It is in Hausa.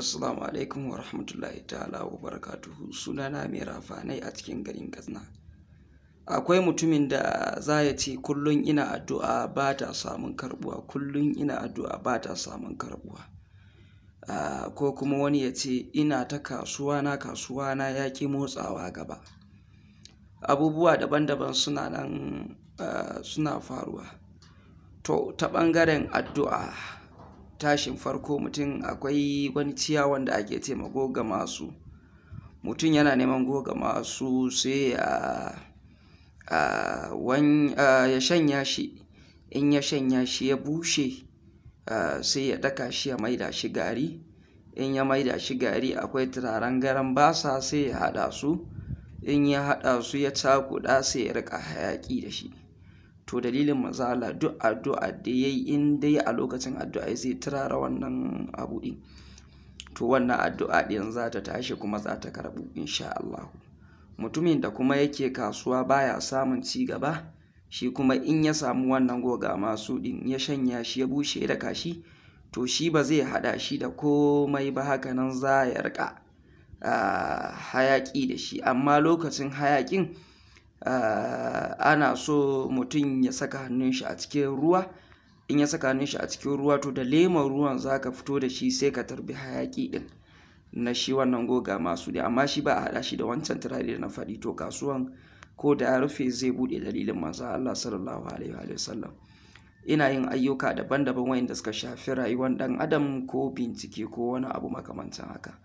Assalamu alaikum wa rahmatullahi ta'ala wa barakatuhu sunana mai rafanai a cikin garin Katsina. Akwai mutumin da za ya ce kullum ina addu'a ba ta samun karbuwa kullum ina addu'a ba ta samun karbuwa. Ko kuma wani ya ce ina ta kasuwa na kasuwa na ya ki motsawa gaba. Abubuwa daban-daban suna nan suna faruwa. To ta ɓangaren addu'a tashin farko mutum akwai wani ciyawan da ake ce ma goga masu mutum yana neman goga masu sai ya shanya shi in ya shanya shi ya bushe sai ya daka shi ya maida shi gari in ya maida shi gari akwai turaren garan basa sai ya haɗa su in ya haɗa su ya cakuɗa sai ya rika hayaƙi da shi to dalilin mazala duk addu'a da yayi in dai a lokacin addu'a zai turara wannan abu din to wannan addu'a din za ta tashi kuma za ta karbu insha Allah mutumin da kuma yake kasuwa baya samun ci gaba shi kuma in ya samu wannan goga masu ɗin ya shanya shi ya bushe da kashi to shi ba zai hada shi da komai ba hakanan za ya rika ah, hayaƙi da shi amma lokacin hayaƙin Ah, ana so mutum ya saka hannun shi a cikin ruwa in ya saka hannun shi a cikin ruwa to da lemon ruwan za ka fito da shi sai ka tarbi hayaki ɗin na shi wannan goga masu da amma shi ba a haɗa shi da wancan turare da na faɗi to kasuwan ko da ya rufe zai buɗe dalilin manzo Allah sallallahu alaihi wa sallam ina yin ayyuka daban-daban wayanda suka shafi rayuwar ɗan adam ko bincike ko wani abu makamancin haka